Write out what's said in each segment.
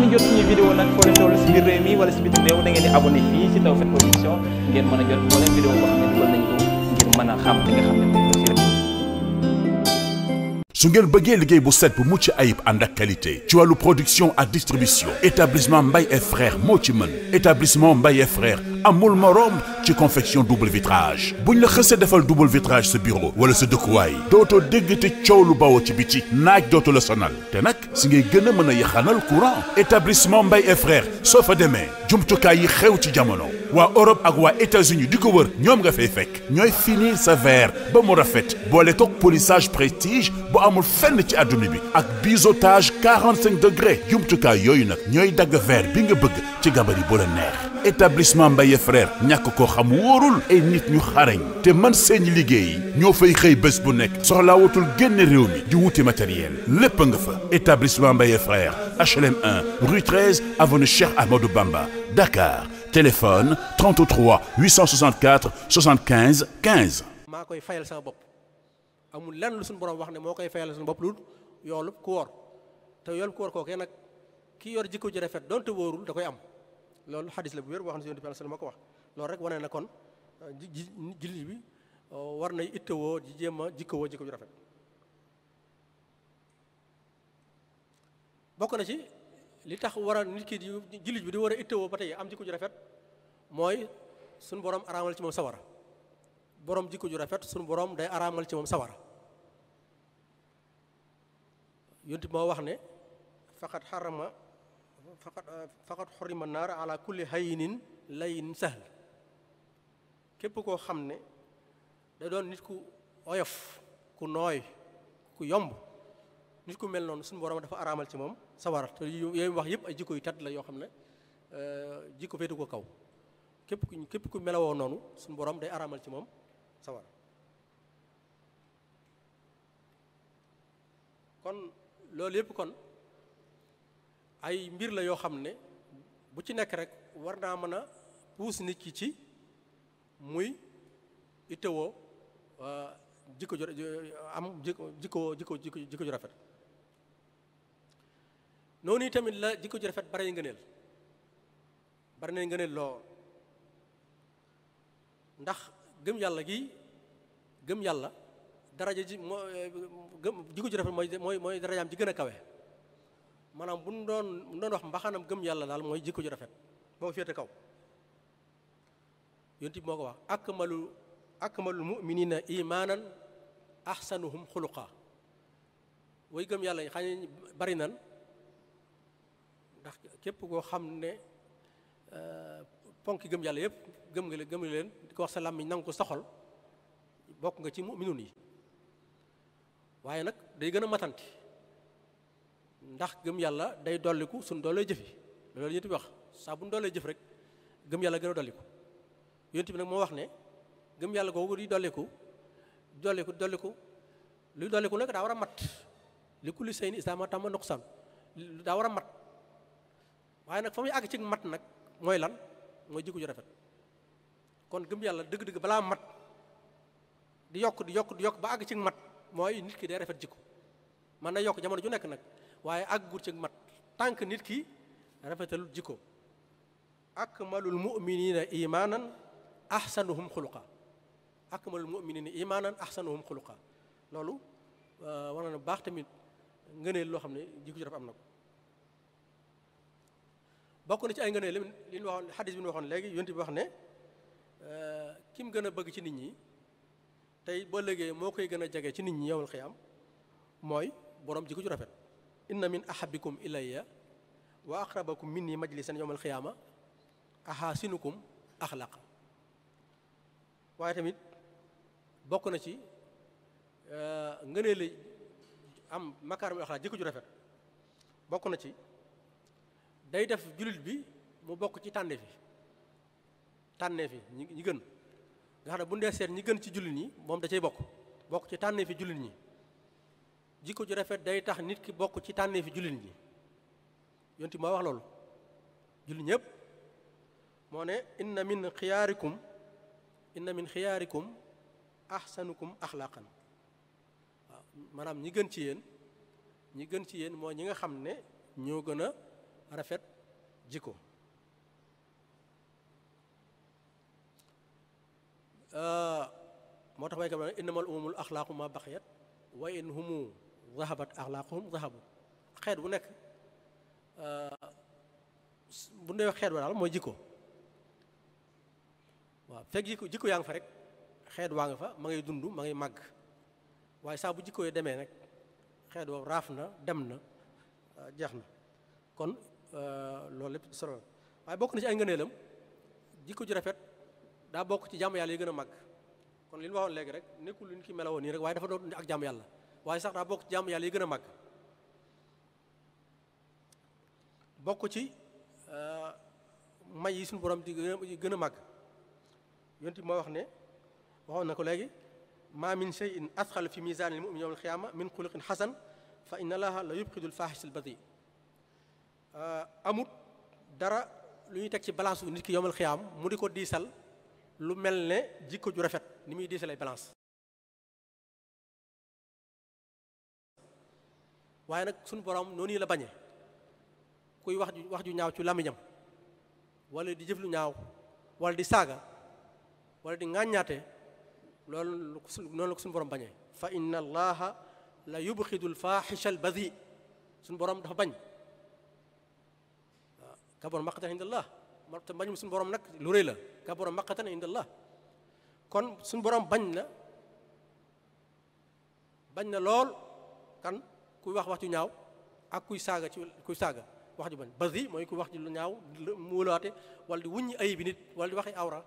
ngeen ngeen di abonné fii si mën a jot moo leen vidéo su ngeen bëggee liggéey bu set bu mucc ayib ànd ak qualité ci wàllu production ak distribution établissement mbay et frères moo ci mën établissement Mbaye et frères amul morom ci confection double vitrage buñ la xësee defal double vitrage sa bureau wala sa dëkkuwaay dootoo dégg te coow lu bawoo ci biti naaj dootu la sonal te nag si ngay gën a mën a yaxanal courant établissement Mbaye et frères soo fa demee jumtukaay yi xew ci jamono waa Europe ak waa États-Unis di ko wër ñoom nga fay fekk ñooy finir sa ver ba mu rafet boole kook polissage prestige bu amul fenn ci adduna bi ak biseautage 45 degrés jumtukaay yooyu nag ñooy dagg verre bi nga bëgg ci gabari bu la neex établissement Mbaye frère ñàkk koo xam wóorul ay nit ñu xarañ te man seen liggéey ñoo fay xëy bés bu nekk soxlaa wutul génn réew mi di wuti matériel lépp nga fa établissement Mbaye frère HLM 1 rue 13 avenue Cheikh Amadou Bamba Dakar téléphone 33 864 75 maa koy fayal sama bopp amul lenn lu suñu borom wax ne moo koy fayal suñu bopp lu yoolu ku wóor te yoolu ku wóor kookee nag ki yor jikko ji rafet donte wóorul da koy am. loolu xadis la bu wér wax na si yonent bi sallallahu alayhi wasallam ko wax loolu rek wane na kon euh, ji jullit bi euh, war na ittawoo ji jéem a jikkawoo jikko ju rafet bokk na ci li tax war a nit ki di jullit bi di war a ittawoo ba tey am jikko ju rafet mooy suñu borom araamal ci moom sawara boroom jikko ju rafet suñ boroom day araamal ci moom sawara yonent bi moo wax ne faqat xarama faqat faqat xorima naar ala kulli hayinin layin sahl képp koo xam ne day doon nit ku oyof ku nooy ku yomb nit ku mel noonu suñ borom dafa araamal ci moom sawara te yooyu wax yëpp ay jikko yu tat la yoo xam ne euh, jikko féetu ko kaw képp ku képp ku melawoo noonu suñu borom day araamal ci moom sawara kon loolu yëpp kon ay mbir la yoo xam ne bu ci nekk rek war naa mën a puus nit ki ci muy itewoo uh, jikko ju am jikko jikko jikko ju rafet noonu tamit la jikko ju rafet yi bari ngëneel bari na ngëneel loo ndax gëm yàlla gi gëm yàlla daraja ji moo gëm jikko ju rafet mooy mooy mooy darajaam ji gën a kawe maanaam bu ñu doon bu ñu doon wax mbaxanam gëm yàlla daal mooy jikko ju rafet moo féete kaw yonent bi moo ko wax akmalu akmalul muminina imaanan ahsanuhum xuluqa way gëm yàlla yi xam ne ndax képp koo xam ne euh, ponk gëm yàlla yëpp gëm nga leen gëm leen di ko wax sa làmmiñ nangu ko soxol bokk nga ci muminun yi waaye nag day gën a matanti ndax gëm yàlla day dolliku suñ doolee jëf yi loolu yonent bi wax saa bu ñu doolee jëf rek gëm yàlla gën a dolliku yonent bi nag moo wax ne gëm yàlla googu di dolliku dolliku dolliku luy dolliku nag daa war a mat li ku kulli shay'in islama tamma nuqsan daa war a mat waaye nag fa muy àgg ci mat nag mooy lan mooy jikko ju rafet kon gëm yàlla dëgg-dëgg balaa mat di yokk di yokk di yokk ba àgg ci mat mooy nit ki day rafet jikko man na yokk jamono ju nekk nag waaye ak ci mat tànk nit ki rafetalul jikko akmalul muminina imanan ahsanuhum xuluqa akmalul muminina imanan ahsanuhum xuluqa loolu euh, war na baax tamit ngëneel loo xam ne jikko ju rafet am na ko bokk na ci ay ngëneel li ñu waxoon xadis bi ñu waxoon léegi yonent bi wax ne euh, kim gën a bëgg ci nit ñi tey boo léegi moo koy gën a jege ci nit ñi yowal xiyaam mooy boroom jikko ju rafet inna min ahabikum ilayya wa aqrabakum minni majlisan yawmal xiyaama ahasinukum axlaqa waaye tamit bokk na ci eh, ngëneel la am makaarimul axlaaq jikko ju rafet bokk na ci day def jullit bi mu bokk ci tànneef yi tànneef yi ñi ñi gën nga xam ne bu ñu dee seet ñi gën ci jullit ñi moom da cay bokk bokk ci tànneef fi jullit ñi jikko ju rafet day tax nit ki bokk ci tànnee fi jullit ñi yonti moo wax loolu jullit ñépp moo ne inna min xiyaarikum inna min xiyaarikum ahsanukum axlaaqan waaw maanaam ñi gën ci yéen ñi gën ci yéen mooy ñi nga xam ne ñoo gën a rafet jikko moo tax may ka ma innamal umumul axlaaqu ma baqiyat wa in humu zahabat axlaaquhum zahabu xeet bu nekk euh, bu ndee xeet wa daal mooy jikko waaw fekk jikko jikko yaa ngi fa rek xeet waa nga fa ma ngay dund ma ngay màgg waaye saa bu jikko yi demee nag xeet wa raaf na dem na euh, jeex na kon euh, loolu lépp solo waaye bokk na ci ay ngëneelam jikko ju rafet daa bokk ci jàmm yàlla yi gën a màgg kon li ñu waxoon léegi rek nekkul lu ñu ki melawoo nii rek waaye dafa doon ak jàmm yàlla waaye sax daa bokk ci yàlla yi gën a màgg bokk ci euh, may yi suñu borom di gën a màgg yonent bi moo wax ne waxoon na ko léegi ma min shay'in athqal fi mizaanil mu'min yawmal qiyaama min xuluqin xasan fa inna allaha la yubxidul faaxisal badi euh, amut dara lu ñuy teg ci balance bu nit ki yowmal xiyaam mu di ko diisal lu mel ne jikko ju rafet ni muy diisalee balance waaye nag suñu borom yi la bañee kuy wax wax ju ñaaw ci làmmiñam wala di jëf lu ñaaw walla di saaga walla di ŋàññaate loolu noonu la ko suñu borom bañee fa inna allaha la yubxidu alfaxisha albadi suñu borom dafa bañ waaw kabor maqatan inda allah te bañum suñu borom nag lu rëy la kabor maqatan inda allah kon suñu boroom bañ na bañ na lool kan kuy wax wax ju ñaaw ak kuy saaga ci kuy saaga wax ju bon basi mooy kuy wax ju lu ñaaw mu wulaate wala di wuññi ayib bi nit wala di waxi awra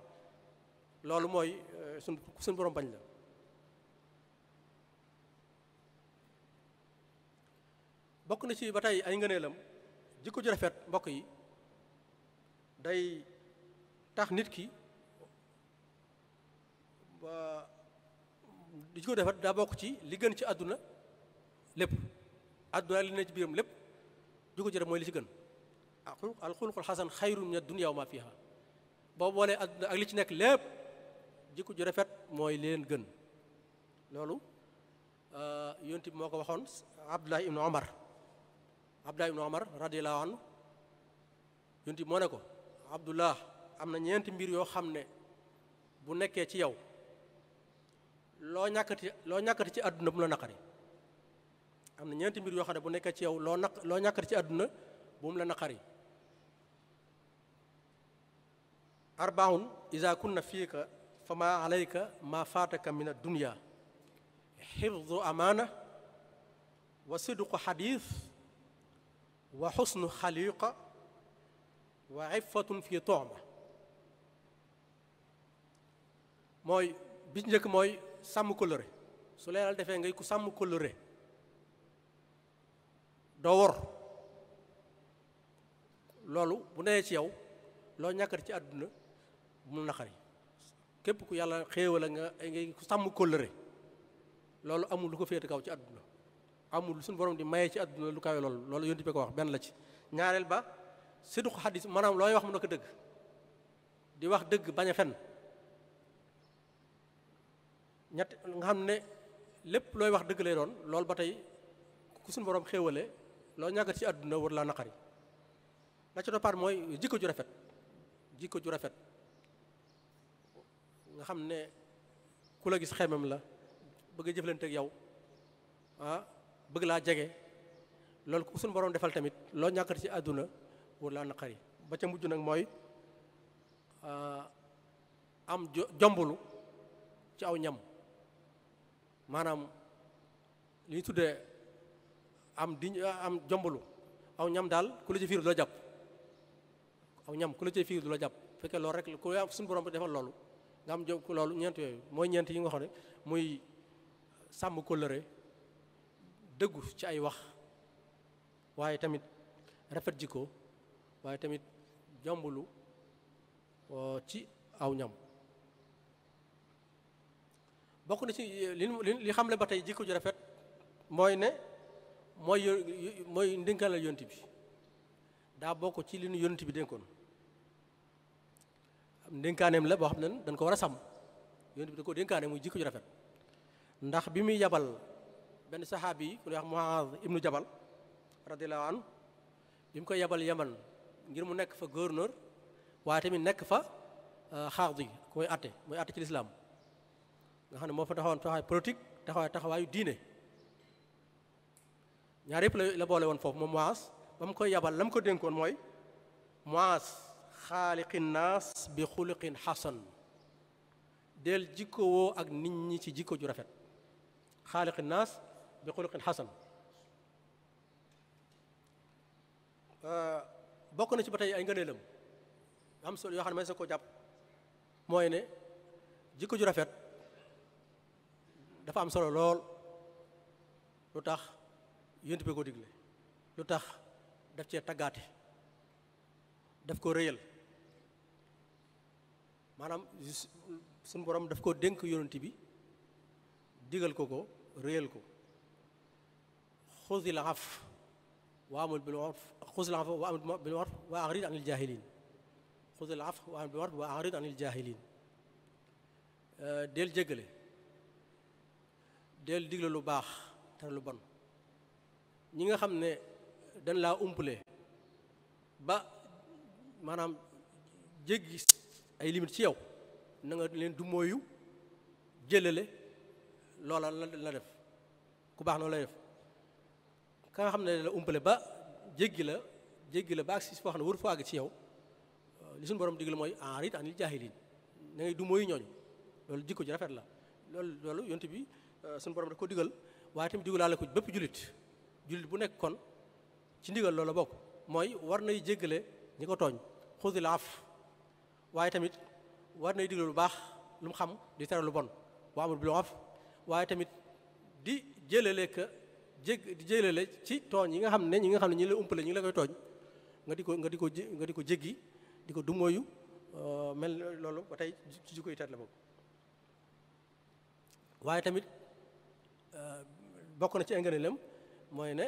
loolu mooy suñ euh, suñ borom bañ la bokk na ci ba tey ay ngëneelam jikko ju rafet mbokk yi day tax nit ki di jikko ju rafet daa bokk ci li gën ci àdduna lépp addunaa li ne ci biiram lépp ju ko jëre mooy li ci gën ah, al xuluqul xasan xayrun min ad-dunya wa ma fiha boo boolee adduna ak li ci nekk lépp jikko ju rafet mooy leen gën loolu euh, yonent bi moo ko waxoon Abdullah ibnu Omar Abdullah ibnu Omar radiyallahu anhu moo ne ko Abdullah am na ñeenti mbir yoo xam ne bu nekkee ci yow loo ñàkkati loo ñàkkati ci àdduna bu la naqari am na ñeenti mbir yoo xam ne bu nekkee ci yow loo naq loo ñàkkar ci àdduna bu la naqari arbaun iza kunna fiika fa ma ma faataka min ad-dunya xifdu amaana wa sidqu xadiis wa xusnu xaliqa wa iffatun fi tooma mooy bi njëkk mooy sàmm kóllëre su la yàlla defee ngay ku sàmm kóllëre doo wor loolu bu newee ci yow loo ñàkkat ci àdduna mu naqari képp ku yàlla xéewal a nga ngay sàmm kóllëre loolu amul lu ko féete kaw ci àdduna amul suñu borom di mayee ci àdduna lu kawe loolu loolu yonti bi ko wax benn la ci ñaareel ba sidduq xadis maanaam looy wax mu na ko dëgg di wax dëgg bañ a fen ñett nga xam ne lépp looy wax dëgg lay doon loolu ba tey ku suñu boroom xéewale loo ñàggat ci àdduna war laa naqari la ci toppaat mooy jikko ju rafet jikko ju rafet nga xam ne ku la gis xemam la bëgg a jëflante yow ah bëgg laa jege loolu ko suñu borom defal tamit loo ñàkkat ci àdduna war laa naqari ba ca mujj nag mooy ah, am jombulu ci aw ñam maanaam li ñu tuddee am di ah, am jombalu aw ñam daal ku la ci fiir du la jàpp aw ñam ku la ci fiir du la jàpp fekkee loolu rek ku am suñu borom bi defal loolu nga am jom loolu ñeent yooyu mooy ñeent yi nga xam ne muy sàmm kóllëre dëggu ci ay wax waaye tamit rafet jikko waaye tamit jombulu uh, ci aw ñam bokk na ci li li xamle ba tey jikko ju rafet mooy ne mooy mooy ndénkaanal yonent bi daa bokk ci li nu bi dénkoon ndénkaaneem la boo xam ne dañ ko war a sam yonent bi da ko dénkaane muy jikko ju rafet ndax bi muy yabal benn saxaabi yi ku ñuy wax Muaaz ibnu Jabal radiyallahu anhu bi mu koy yabal Yaman ngir mu nekk fa gouverneur waaye tamit nekk fa euh, xaadi ku muy atte muy atte ci lislaam nga xam ne moo fa taxawoon taxawaay politique taxawaay taxawaayu diine ñaar yëpp la boole woon foofu moom Muaas ba mu koy yabal la mu ko dénkoon mooy Muaas xaaliqi naas bi xuluqin xasan dell jikko ak nit ñi ci jikko ju rafet xaaliqi naas bi xuluqin xasan euh, bokk na ci ba tey ay nga ngëneelam am solo yoo xam ne may sa ko jàpp mooy ne jikko ju rafet dafa am solo lool lu tax yént bi ko digle lu tax daf cee taggaate def ko rëyal maanaam suñu borom def ko dénk yonent bi digal ko ko réyal ko xuzil af waa amul bil urf xuzil af wa amul bil urf wa a'rid anil jaahiliin xuzil af wa amul bil urf wa a'rid anil jaahiliin euh, del jéggale del digle lu baax te lu bon ñi nga xam ne dañ laa umpale ba maanaam jéggi ay limite ci yow na leen du mooyu jëlale loola la def ku baax noonu lay def ka nga xam ne la umpale ba jéggi la jéggi la ba ak si foo xam ne war foo àgg ci yow li suñu borom la mooy enrit anil jaahiliin na ngay du mooyu ñooñu loolu jikko ji rafet la loolu loolu yonent bi euh, suñu borom da ko digal waaye tamit digalaale ko bépp jullit jullit bu nekk kon ci ndigal loola bokk mooy war nay jéggale ñi ko tooñ xudil af waaye tamit war nay digle lu baax lu xam di tere lu bon wa amul bil af waaye tamit di jëlale ka jég di jëlale ci tooñ yi nga xam ne ñi nga xam ne ñi la umpale ñi la koy tooñ nga di ko nga di ko nga di ko jéggi di ko dumóoyu euh, mel loolu ba ci jikko yi tet waaye tamit euh, bokk na ci enganelam mooy ne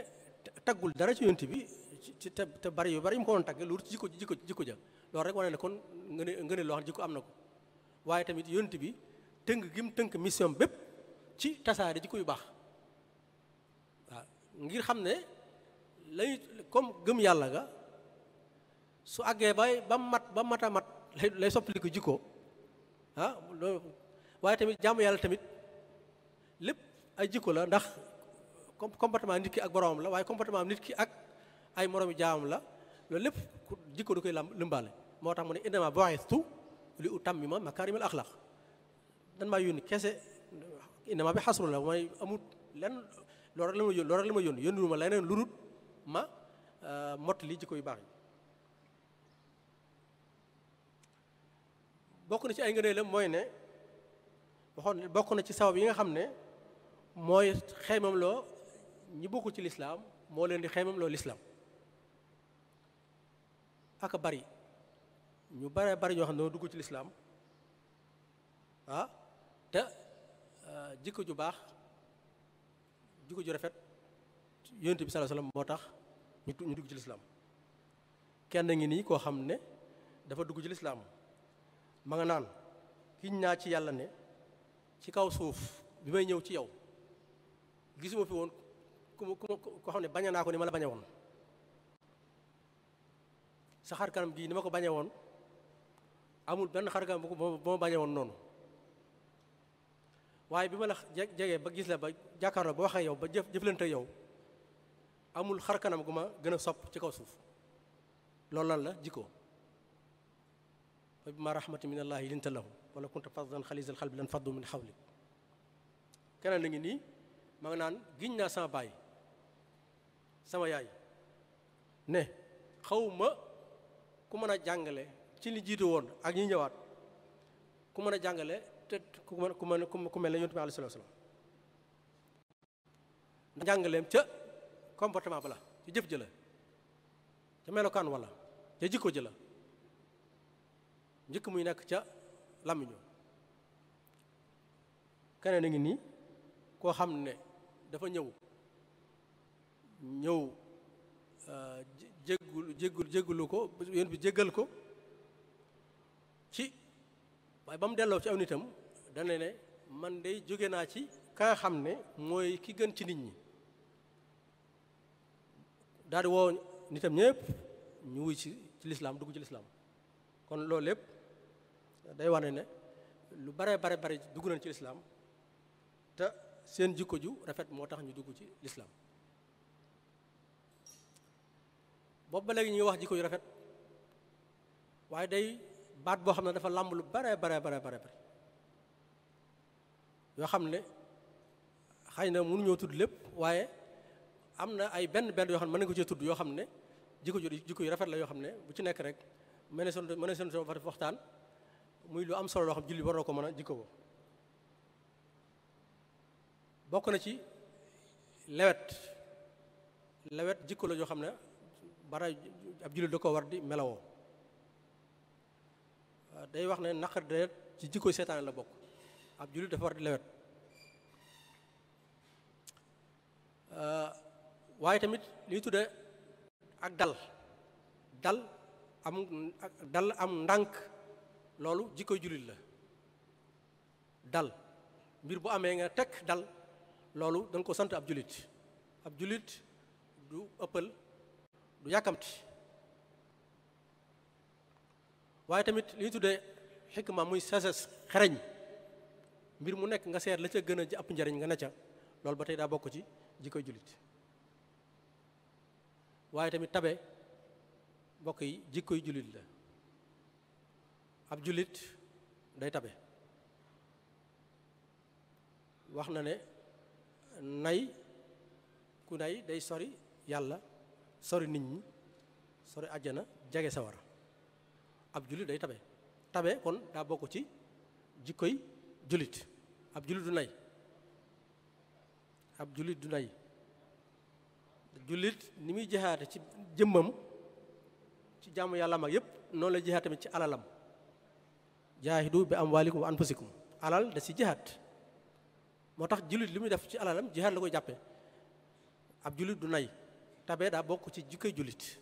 taggul dara ci yonent bi ci te te bari yu bari yu mu ko doon tagge loolu ci jikko jikko jikko ja loolu rek wane ne kon nga ne nga ne loo xam ne jikko am na ko waaye tamit yonent bi tënk gi tënk mission bépp ci tasaare jikko yu baax ngir xam ne lañu comme gëm yàlla nga su àggee bay ba mat ba mat a mat lay lay soppaliku jikko ah waaye tamit jàmm yàlla tamit lépp ay jikko la ndax comportement nit ki ak boromam la waaye comportement nit ki ak ay moromi jaamam la loolu lépp jikko du koy lam moo tax mu ne innama bu'istu li utammima makaarimal axlaq dan maa yónni kese innama bi xasru la mooy amul lenn loolu rek la ma yónni loolu rek ma yónni yónniwuma leneen lu ma euh, mott li jikko yu baax yi bokk na ci ay ngëneelam mooy ne bokk na ci sabab yi nga xam ne mooy xeymam loo ñi bokkul ci lislaam moo leen di xeymam loolu lislaam aka bari ñu bare bari ñoo xam ne dugg ci lislaam ah te ah, jikko ju baax jikko ju rafet yonent bi sallallahu alayhi wasallam moo tax ñu dugg ci lislaam kenn ngi nii koo xam ne dafa dugg ci lislaam ma nga naan kiñ naa ci yàlla ne ci kaw suuf bi may ñëw ci yow gisuma fi woon ku ko xam ne baña naa ko ni ma la bañe woon sa xar kanam ni ma ko bañe woon amul benn xar kanam bu ma bañe woon noonu waaye bi ma la jegee ba gis la ba jàkkaarloo ba waxee yow ba jëf jëflante yow amul xarkanam kanam gu ma gën a sopp ci kaw suuf loolu lan la jikko fa bima rahmati min allaahi linta lahu wala kunta faddan xalisal xalbi lan faddu min xawlik keneen la ngi nii ma nga naan giñ naa sama bàyyi sama yaay ne xawma ku mën a jàngale ci li jiitu woon ak ñi ñëwaat ku mën a jàngale te ku mën ku mën ku mel ne yonent bi alayhi salaatu salaam jàngaleem ca comportement ba la ca jëf jëla ca melokaan wala ca jikko jëla njëkk muy nekk ca làmmiñu keneen a ngi nii koo xam ne dafa ñëw ñëw euh, jéggul jéggul jéggulu ko yonent bi jéggal ko ci waaye ba mu delloo ci aw nitam dana ne man day jóge naa ci ka xam ne mooy ki gën ci nit ñi daadi di nitam ñëpp ñu wuy ci ci lislaam dugg ci lislaam kon loolu lépp day wane ne lu bare bare bare dugg nañ ci lislaam te seen jikko ju rafet moo tax ñu dugg ci lislaam boobu ba léegi ñu wax jikko yu rafet waaye day baat boo xam ne dafa làmb lu bare bare bare bare yoo xam ne xëy na ñoo tudd lépp waaye am na ay benn benn yoo xam ne mën nañu tudd yoo xam ne jikko ju jikko yu rafet la yoo xam ne bu ci nekk rek mën na seen mën na seen waxtaan muy lu am solo loo xam julli war ko mën a jikko boobu bokk na ci lawet lawet jikko la yoo xam ne bara ab jullit da ko war di melawoo day wax ne naqar ci jikko seetaan la bokk ab jullit dafa war di lewet waaye tamit li tudde ak dal dal am dal am ndànk loolu jikko jullit la dal mbir bu amee nga tekk dal loolu dañ ko sant ab jullit ab jullit du ëppal du yàkkamti waaye tamit li ñu tuddee xikma muy sases xereñ mbir mu nekk nga seet la ca gën a ëpp njariñ nga ne ca loolu ba tey daa bokk ci ji koy waaye tamit tabe mbokk yi jikkoy jullit la ab jullit day tabe wax na ne nay ku nay day sori yàlla sori nit ñi sori àjjana jege sawara ab jullit day tabe tabe kon daa bokk ci jikkoy jullit ab jullit du nay ab jullit du nay jullit ni muy jeexaate ci jëmmam ci jàmm yàlla mag yépp noonu la jeexaat ci alalam jaahidu bi amwaalikum wa anfusikum alal da si jeexaat moo tax jullit li muy def ci alalam jeexaat la koy jàppe ab jullit du nay tabe daa bokk ci jikkoy jullit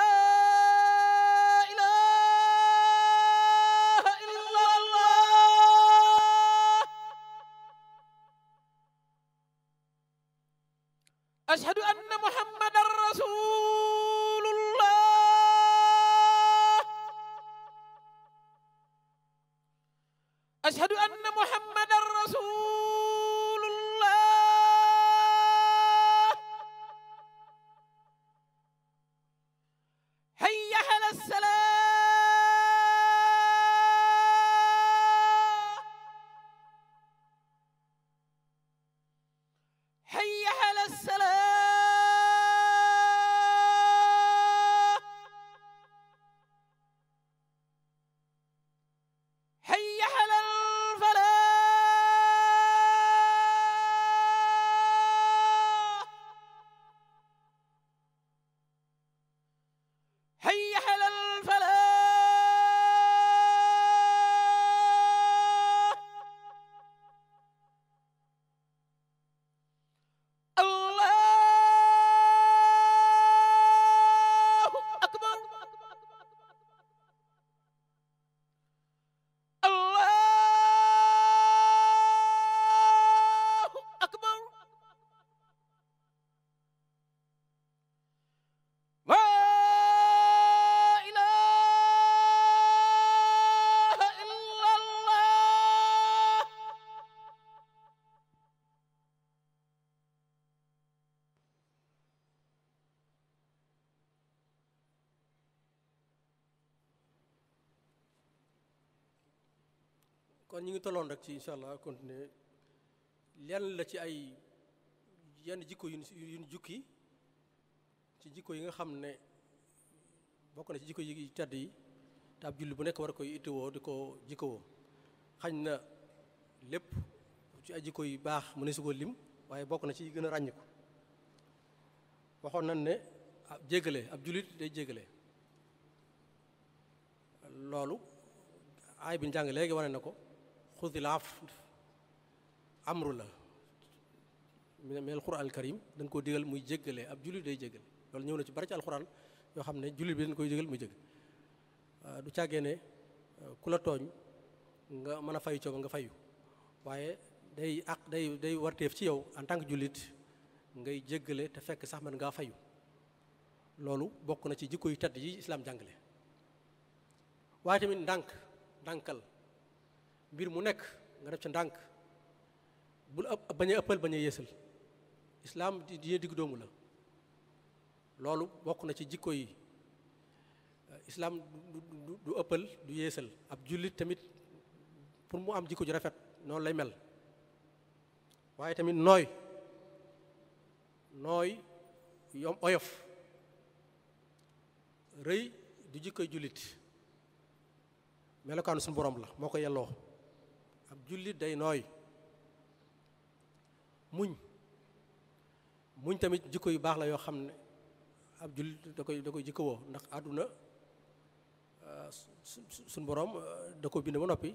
tolloon rek ci incha allah continuer lenn la ci ay yenn jikko yu ñu jukki ci jikko yi nga xam ne bokk na ci jikko yi tedd yi te ab julli bu nekk war koy ittiwoo di ko jikkowoo xañ na lépp ci ay jikko yu baax mu ne su ko lim waaye bokk na ci gën a ràññiku waxoon nañ ne ab jéggale ab jullit day jéggale loolu aay bi ñu jàng léegi wane na ko xudil af amru la mel alquran karim dañ koo digal muy jéggale ab jullit day jéggale loolu ñëw na ci bari ci alquran yoo xam ne jullit bi dañ koy jégal muy jégg du càggee ne ku la tooñ nga mën a fayu cooba nga fayu waaye day àq day day warteef ci yow en tant que jullit ngay jéggale te fekk sax man ngaa fayu loolu bokk na ci jikko yu tedd yi islaam jàngale waaye tamit ndànk ndànkal mbir mu nekk nga def ca ndànk bul bañ a ëppal bañ yéesal islaam di dina digg doomu la loolu bokk na ci jikko yi euh, islaam du du ëppal du yéesal ab jullit tamit pour mu am jikko ju rafet noonu lay mel waaye tamit nooy nooy yom oyof rëy du jikkoy jullit melokaanu suñu borom la moo ko yelloo ab jullit day nooy muñ muñ tamit jikko yu baax la yoo xam ne ab jullit da koy da koy jikkowoo ndax àdduna suñ borom da ko bind ba noppi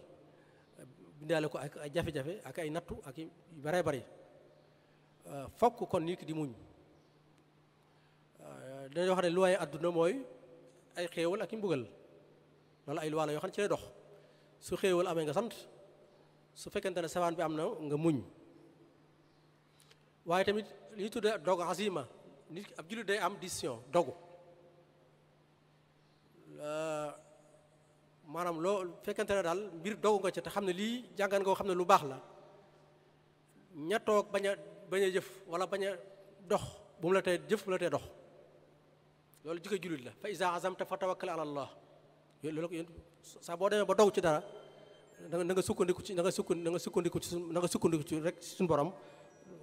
bindaale ko ak ay jafe-jafe ak ay nattu ak yu bare bari fokk kon nit ki di muñ dañuy wax ne luwaaye àdduna mooy ay xéewal ak i mbugal loolu ay luwaa yoo xam ne ci lay dox su xéewal amee nga sant su fekkente ne sawaan bi am na nga muñ waaye tamit li ñu tudde dogu azima nit ab jullit day am décision dogu euh, maanaam loo fekkente ne daal mbir dogu nga ca te xam ne lii jàngan nga xam ne lu baax la ña toog bañ a bañ a jëf wala bañ a dox bu mu la tey jëf bu mu la tey dox loolu jikko jullit la fa iza azamta fa tawakkal ala allah loolu saa boo demee ba dogu ci dara na nga sukkandiku ci na nga sukkandiku na nga sukkandiku ci na nga sukkandiku ci rek ci suñu borom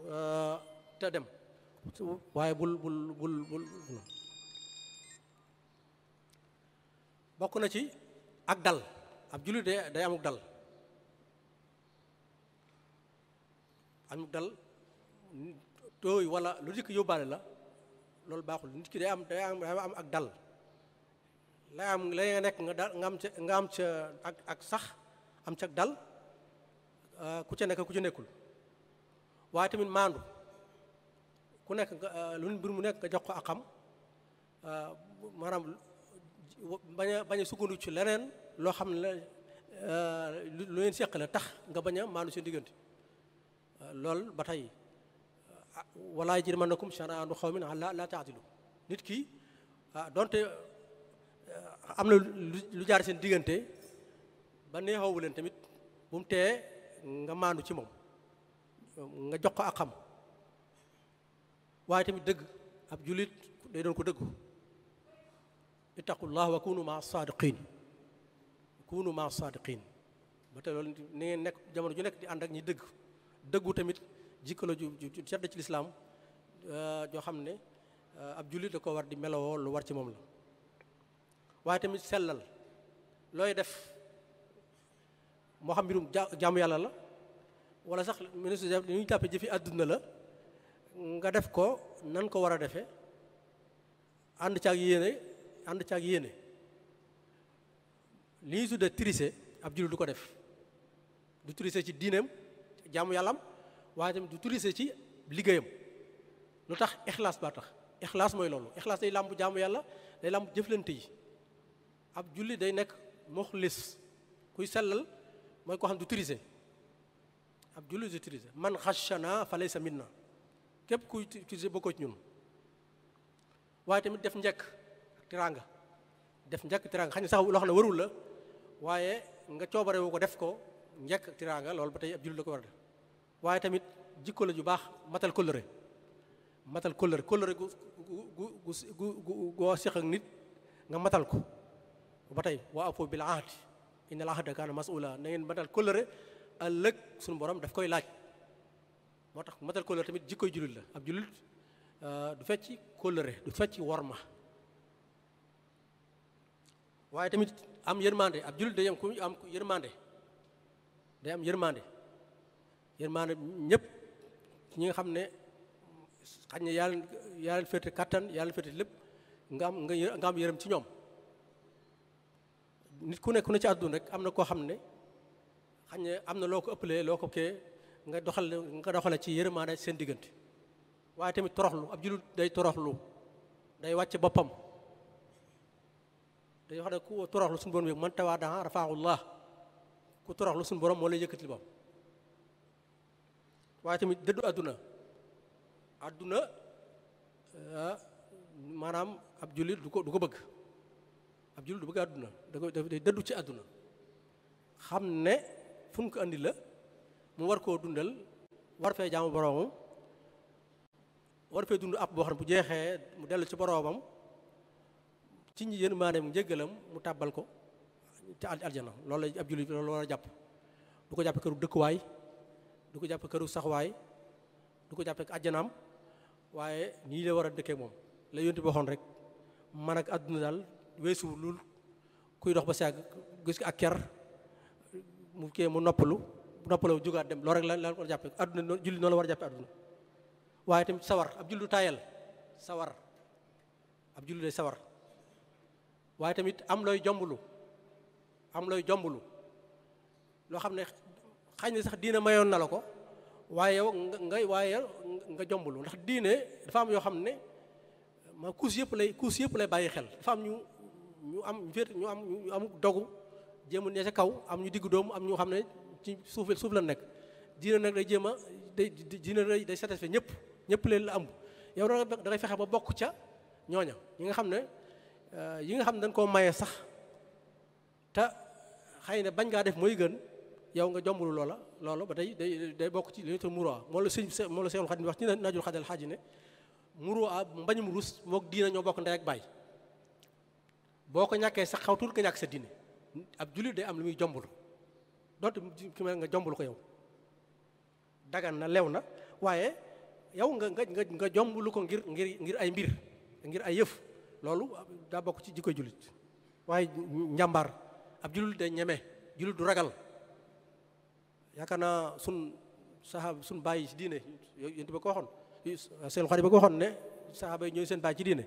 euh, te dem waaye bul bul bul bul bokk na ci ak dal ab jullit day amuk dal amuk dal tooy wala lu dikk yóbbaale la loolu baaxul nit ki day am day am day am ak dal lay am la nga nekk nga dal nga am ca nga am ca ak ak sax am cag dal euh, ku ca nekk ku ca nekkul waaye tamit maandu ku nekk euh, lu mbir mu nekk nga jox ko ak xam euh, maanaam bañ a bañ a sukkandu ci leneen loo xam ne lu leen seq la tax nga bañ a maandu seen diggante lool ba tey walaa xaw shana'aanu qawmin alaa allaa ta'dilu nit ki donte am na lu jaar seen diggante ba neexoowu leen tamit bu mu tee nga maandu ci moom nga jox ko ak xam waaye tamit dëgg ab jullit day doon ko dëggu ittaqullah wa kunu maa saadiqin kunu maa saadiqin ba te loolu ni ngeen nekk jamono ju nekk di ànd ak ñi dëgg dëggu tamit jikkalo la ju ju sedd ci lislaam euh, joo xam ne euh, ab jullit da ko war di melowoo lu war ci moom la waaye tamit sellal looy def moo xam mbirum jàmm yàlla la wala sax ministre li ñu jàppe jëfi àdduna la nga def ko nan ko war a defee ànd caag yéene ànd caag yéene li ñu tudde tricher ab jullit du ko def du tricher ci diineem jaamu yàllam waaye tamit du tricher ci liggéeyam lu tax ixlaas baa tax ixlaas mooy loolu ixlaas day làmb jaamu yàlla day làmb jëflante yi ab julli day nekk muxlis kuy sellal mooy koo xam du tricher ab jullit du tricher man xashana fa laysa minna képp kuy tricher boo ci ñun waaye tamit def njëkk ak def njëkk teraanga xañ sax loo xam ne warul la waaye nga coobare woo ko def ko njëkk ak teraanga loolu ba tey ab jullit la ko war a waaye tamit jikko la ju baax matal kóllëre matal kóllëre kóllëre gu gu gu gu gu goo seq ak nit nga matal ko ba tey waa afoo bil ahdi inna al ahda kaana mas'uula na ngeen matal kóllëre ëllëg suñu borom daf koy laaj moo tax matal kóllëre tamit jikkoy jullit la ab jullit euh, du fecc kóllëre du fecc worma waaye tamit am yërmande ab jullit day am ku am yërmande day am yërmande yërmande ñëpp ñi nga xam ne xañ na yàlla yàlla féete kattan yàlla féete lépp nga am nga am yërëm ci ñoom nit ku nekk ku ne ci àdduna rek am na koo xam ne xañ am na loo ko ëpple loo ko kee nga doxal nga doxale ci yërmaande seen diggante waaye tamit toroxlu ab jullit day toroxlu day wàcce boppam day wax ne ku toroxlu suñu borom bi man tawaadaa rafaahullah ku toroxlu suñ borom moo lay yëkkati boppam waaye tamit dëddu àdduna àdduna ah, maanaam ab jullit du ko du ko bëgg ab jullit du bëgg àdduna da koy dëddu ci àdduna xam ne fu mu ko andi la mu war koo dundal war fee jaamu boroomam war fee dund ab boo bu jeexee mu dellu ci boroomam ci ñi yéen maanaam njëggalam mu tàbbal ko ci aljana loolu la ab jullit loolu war a jàpp du ko jàppe këru dëkkuwaay du ko jàppe këru saxwaay du ko jàppe ajjanaam waaye nii la war a dëkkee moom la yonti boo rek man ak àdduna daal weesuwul lul kuy dox ba sàgg gis ko ak ker mu kii mu noppalu bu noppaloo jógaat dem loo rek la la war a jàppe adduna julli noonu la war a jàppe adduna waaye tamit sawar ab julli du taayal ab julli sawar waaye tamit am looy jombulu am looy jombulu loo xam ne xañ ne sax diine mayoon na la ko waaye yow nga waaye nga ndax diine dafa am yoo xam ne ma couche yëpp lay couche yëpp lay bàyyi xel dafa am ñu ñu am féete ñu am ñu am dogu jéem nee ne kaw am ñu digg doomu am ñu xam ne ci suuf suuf la nekk diina nag day jéem a day diina day day satisfait ñëpp ñëpp leen la am yow da fexe ba bokk ca ñooña ñi nga xam ne euh, yi nga xam ne dañ koo maye sax te xëy na bañ ngaa def mooy gën yow nga jombulu loola loola ba tey day day bokk ci li ñu tudd muruwa moo la sëñ moo la seexul xadim wax ci naajul xadal xaaji ne muruwa mbañum rus moo diina ñoo bokk ndey ak baay boo ko ñàkkee sax xaw tuur ko ñàkk sa diine ab jullit day am lu muy jombul donte ki nga jombul ko yow dagan na lew na waaye yow nga nga nga nga jombulu ko ngir ngir ngir ay mbir ngir ay yëf loolu daa bokk ci jikko jullit waaye njàmbaar ab jullit day ñeme jullit du ragal yaakaar na sun saxaab sun bàyyi ci diine yéen ba ko waxoon seen xarit ba ko waxoon ne saxaaba yi ñooy seen bàyyi ci diine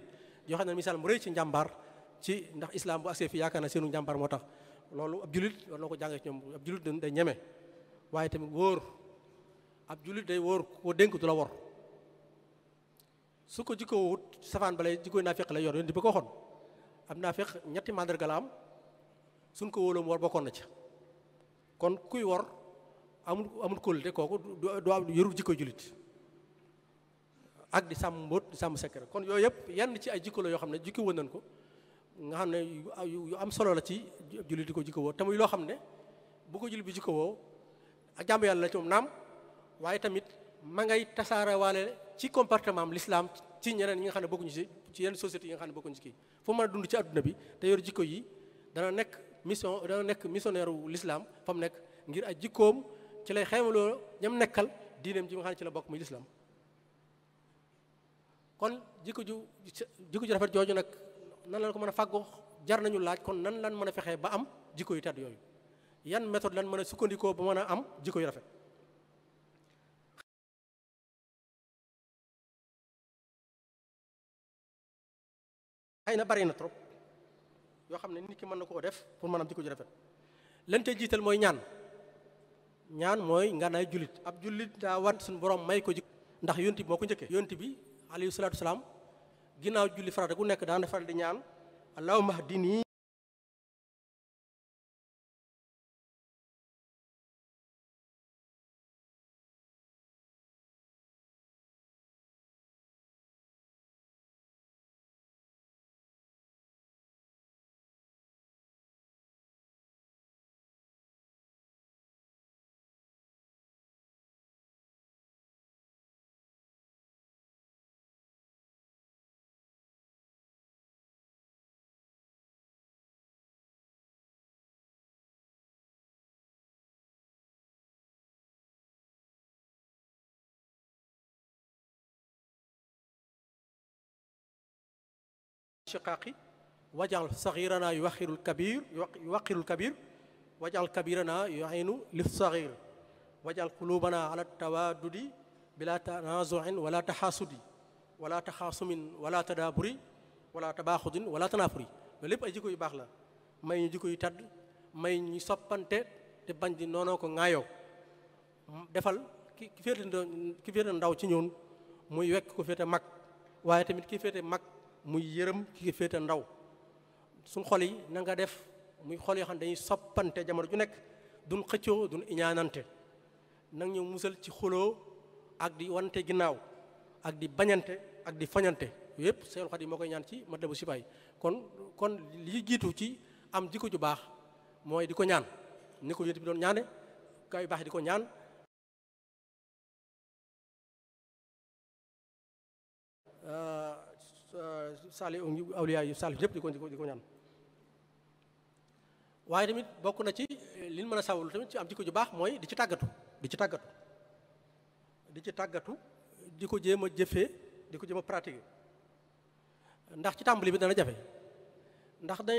joxe na misaal mu rëy ci njàmbaar ci ndax islam bu agsee fi yaakaar na seenu njàmbaar moo tax loolu ab julit war na ko jàngee ci ñoom ab julit day ñeme waaye tamit wóor ab julit day wóor koo dénk du la wor su ko jikkoo wut safaan balay jikkooy naafeq lay yor yoon di ba ko waxoon ab naafeq ñetti mandarga ko wóoloom war bokkoon na ci kon kuy wor amul amul kóolute kooku du am yorul ak di sàmm mbóot di sàmm secret kon yooyu yëpp yenn ci ay jikko la yoo xam ne jikko nañ ko nga xam ne yu am solo la ci jullit di ko jikko woo te muy loo xam ne bu ko jullit bi jikko woo ak jàmm yàlla la ci moom naam waaye tamit ma ngay tasaarawaale ci comportement am l'islam ci ñeneen ñi nga xam ne bokkuñu si ci yenn société yi nga xam ne bokkuñu ci kii fu mën a dund ci adduna bi te yor jikko yi dana nekk mission dana nekk missionnaire wu l'islam fa mu nekk ngir ay jikkoom ci lay xeemaloo ñam nekkal diineem ji nga xam ne ci la bokk muy l'islam kon jikko jooju nag nan lañ ko mën a fàggoo jar nañu laaj kon nan lan mën a fexee ba am jikko yu tedd yooyu yan méthode lan mën a sukkandikoo ba mën a am jikko yu rafet xëy na bari na trop yoo xam ne nit ki mën na koo def pour mën a am jikko ju rafet lan tey jiital mooy ñaan ñaan mooy nganaay jullit ab jullit daa want suñu borom may ko jikko ndax yonti bi moo ko njëkkee yonti bi alayhi salaatu salaam ginnaaw julli farata gu nekk daana faral di ñaan allahumma hdini shiqaaqi wajal saxiirana yu waqirul kabir wajan waqirul kabir wajal kabirana yu aynu lif saxiir wajal qulubana ala tawaadudi bila tanazuin wala taxaasudi wala taxaasumin wala tadaaburi wala tabaaxudin wala tanaafuri loolu lépp ay jikko yu baax la may ñu jikko yu tàdd may ñu soppante te bañ di noonoo ko ŋaayoo defal ki ki ndaw ci ñoon muy wekk ko féete mag waaye tamit ki féete mag muy yërëm ki féete ndaw suñ xol yi na def muy xol yoo xam ne dañuy soppante jamono ju nekk duñ xëccoo duñ iñaanante nag ñu musal ci xuloo ak di wante ginnaaw ak di bañante ak di fañante yëpp Seexul Xadiim moo koy ñaan ci Matlabu Sifaay kon kon li jiitu ci am jikko ju baax mooy di ko ñaan ni ko yonent bi doon ñaane gaa yu baax di ko ñaan Euh, saali awliya yu saalif ñëpp di ko di ko ñaan waaye tamit bokk na ci eh, lin mën a sawlu tamit ci am jikko ju baax mooy di ci tàggatu di ci tàggatu di ci tàggatu di ko jéem a jëfee di ko jéem a pratiquer ndax ci tàmbali bi dana jafe ndax day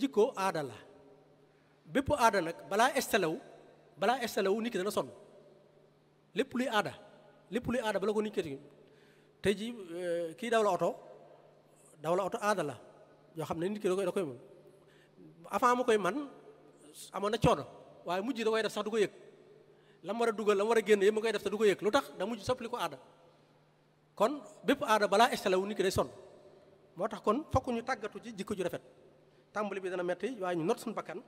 jikko aada la bépp aada nag balaa estalewu balaa estalewu nit ki dana sonn lépp luy aada lépp luy aada bala ko nit ki tey jii eh, kii daw la oto daw la oto aadala yoo xam ne nit ki da koy da koy mën avant mu koy man amoon na coono waaye mujj da koy def sax du ko yëg lam war a dugal la war a génn yëpp mu koy def sax du ko yëg lu tax da mujj soppali ko aada kon bépp aada balaa installé wu nit ki day sonn moo tax kon fokk ñu tàggatu ci jikko ju rafet tàmbali bi dana metti waaye ñu not suñu bakkan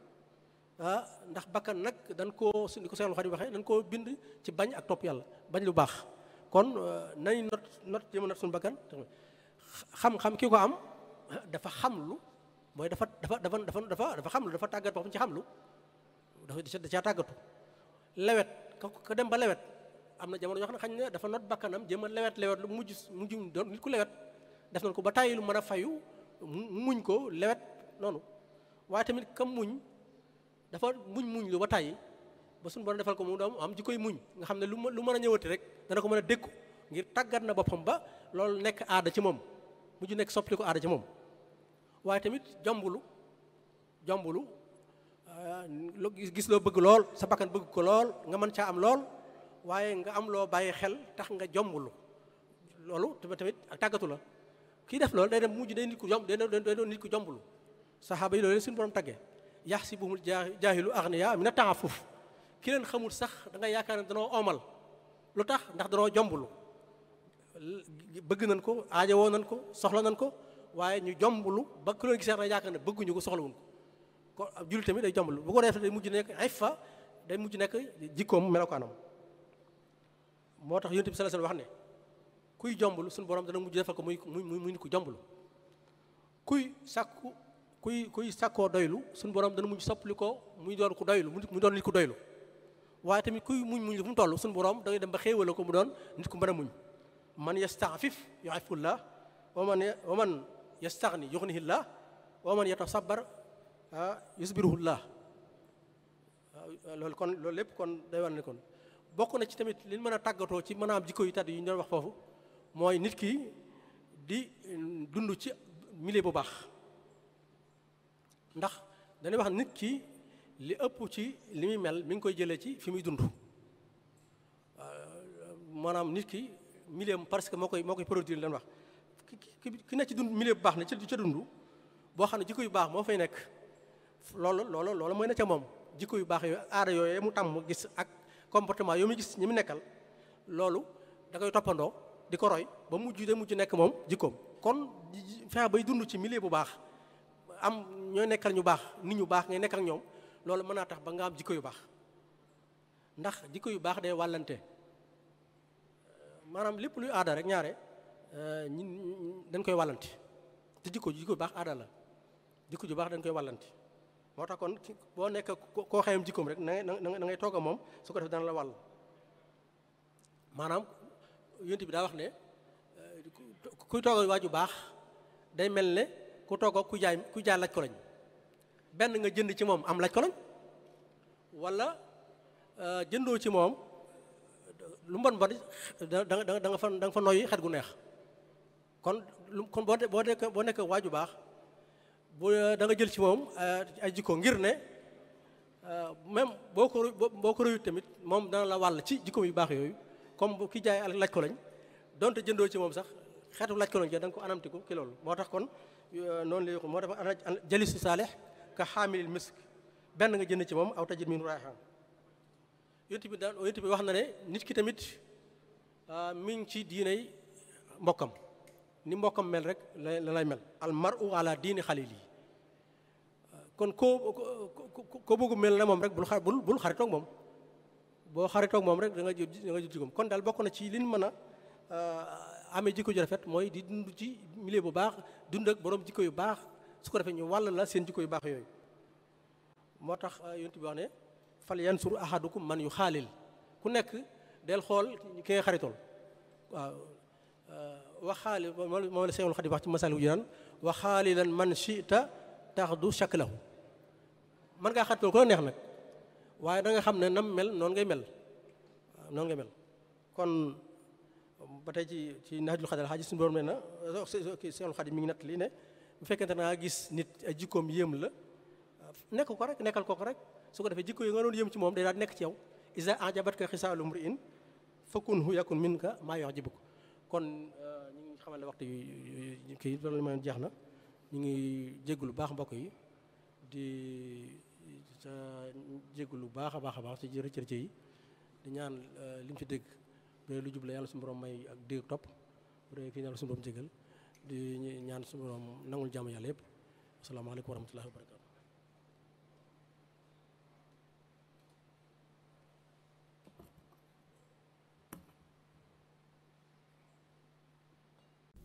ah ndax bakkan nag dañ koo su ko Seexul Xadiim waxee dañ koo bind ci bañ ak topp yàlla bañ lu baax kon ah, nañ not not jéem a suñu bakkan xam-xam ki ko am dafa xamlu mooy dafa dafa dafa dafa dafa dafa xamlu dafa tàggat boppam ci lu dafa da caa lawet lewet ko dem ba lewet am na jamono yox xam ne xañ ne dafa not bakkanam jéem a lewet lewet lu mujj mujj doon nit ku lewet def nañ ko ba tàyyi lu mën a mu muñ ko lewet noonu waaye tamit kam muñ dafa muñ muñ lu ba tàyyi ba suñu borom defal ko mu doom am ji koy muñ nga xam ne lu ma lu mën a ñëwati rek dana ko mën a dékku ngir tàggat na boppam ba loolu nekk aada ci moom mujj nekk soppali ko aada ci moom waaye tamit jombulu jombulu euh, gis loo bëgg lool sa bakkan bëgg ko lool nga mën caa am lool waaye nga am loo bàyyi xel tax nga jombulu loolu tamit ak tàggatu la kii def loolu day dem mujj day nit ku jom day doon nit ku jombulu saxaaba yi loolu suñu borom taggee yaxsibuhumul jaahilu agniya mina taafuf ki leen xamul sax da yaakaar ne danoo omal lu tax ndax danoo jombulu bëgg nañ ko aajowoo nañ ko soxla nañ ko waaye ñu jomblu ba ku leen gisee na yaakaar ne bëgguñu ko soxla ko ko jullit tamit day jomblu bu ko defee day mujj nekk ay fa day mujj nekk jikkoom melokaanam moo tax yonent bi sallallahu alayhi wasallam wax ne kuy jomblu suñu borom dana mujj defal ko mu muy muy ku jomblu kuy sàkku kuy kuy sàkkoo doylu suñu borom dana mujj soppali ko muy doon ku doylu mu doon nit ku doylu waaye tamit kuy muñ muñ lu fu mu toll suñu borom dangay dem ba xéewale ko mu doon nit ku man yastaafif yuafifullah wa man wa man yastaxni yuxnihillah wa man yatasabar yusbiruhullah loolu kon loolu lépp kon day war bokk na ci tamit li mën a tàggatoo ci mën a am jikko yu tàdd wax foofu mooy nit ki di dund ci milieu bu baax ndax dañuy wax nit ki li ëpp ci li muy mel mi ngi koy jëlee ci fi muy dund maanaam nit ki milieu parce que moo koy moo koy produire lan wax ki ki nekk ci dund milieu bu baax na ci ca dund boo xam ne jikko yu baax moo fay nekk loolu loolu loolu mooy na ca moom jikko yu baax yooyu aada yooyu mu tàmm gis ak comportement yoo mu gis mu nekkal loolu da koy toppandoo di ko roy ba mujj de mujj nekk moom jikkoom kon fexe bay dund ci milieu bu baax am ñoo nekkal ñu baax nit ñu baax ngay ak ñoom loolu mën naa tax ba nga am jikko yu baax ndax jikko yu baax day wàllante maanaam lépp luy aada rek ñaare euh, ñun dañ koy wàllanti te jikko jikko baax aada la jikko ju baax dañ koy wàllanti moo tax kon boo nekk koo xayam jikkoom rek na ngay na ngay toog a moom su ko defee dana la wàll maanaam yonent bi daa wax ne euh, kuy toog a waaju baax day mel ne ku toog ku jaay ku jaay laj ko lañ benn nga jënd ci moom am laj ko walla wala euh, jëndoo ci moom lu mbon mbon da da da nga fa da nga fa noyyi xet gu neex kon lu kon boo boo nekk boo nekk waa ju baax bu da nga jël ci moom eh, ay jikko ngir ne eh, même boo ko boo ko rëyut tamit moom dana la wàll ci jikko yu baax yooyu comme ki jaay ak laaj ko lañ donte jëndoo ci moom sax xeetu laaj ko lañ da nga ko anamtiku ko kilool moo tax kon eh, noonu la ko moo tax jëli si saalix ka xaamilil misk benn nga jënd ci moom aw tajid min raaxaan yonent bi daal yonent bi wax na ne nit ki tamit ah, mi ngi ci diinay mbokkam ni mbokkam mel rek la lay mel al mar'u ala diini xalili kon koo ko bëggu mel na moom rek bul xar bul xaritoog moom boo xaritoog moom rek da nga jël da nga kon daal bokk na ci lin mën a ah, amee jikko ju rafet mooy di dund ci milieu bu baax dund ak borom jikko yu baax su ko defee ñu wàll la seen jikko yu baax yooyu moo tax ah, yonent bi wax ne fal yansur ahadukum man yu xaalil ku nekk del xool ki nga xaritool waaw wax ci masal wu juraan wa xaalilan man chita tax du shaklahu mën ngaa xaritool ku neex nag waaye da nga xam ne nam mel noonu ngay mel kon ba tey ci ci naajul xadal xaaj suñu borom nee na seexul xadim mi ngi nett lii ne bu fekkente na nga gis nit ay jikkoom yéem la nekk ko rek nekkal ko ko rek su ko defee jikko yi nga doon yëm ci moom day daal nekk ci yow isa ajabat ka xisaalu mriin fakun hu yakun min ka maa yox ko kon euh, ñu ngi xamal ne waxtu yu kii loolu ma jeex na ñu ngi jéggulu baax mbokk yi di euh, jéggulu baax a baax a baax ci rëcc-rëcc yi di ñaan euh, li mu ci dégg lu jub la yàlla suñu borom may ak dégg topp bu dee fii yàlla suñu ñaan suñu borom nangul jàmm yàlla yëpp asalaamaaleykum wa rahmatullahi wa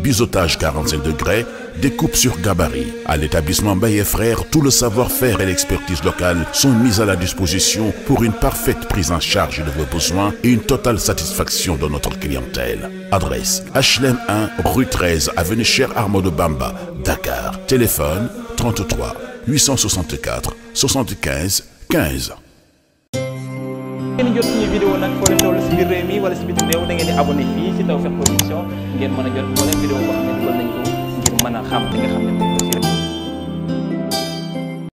biseautage 45 degrés, découpe sur gabarit. À l'établissement Baye et Frères, tout le savoir-faire et l'expertise locale sont mis à la disposition pour une parfaite prise en charge de vos besoins et une totale satisfaction de notre clientèle. Adresse HLM 1, rue 13, avenue Cheikh Ahmadou Bamba, Dakar. Téléphone Tawfekh Production ngeen mën a jot moo leen vidéo boo xam ne dugal nañ a xam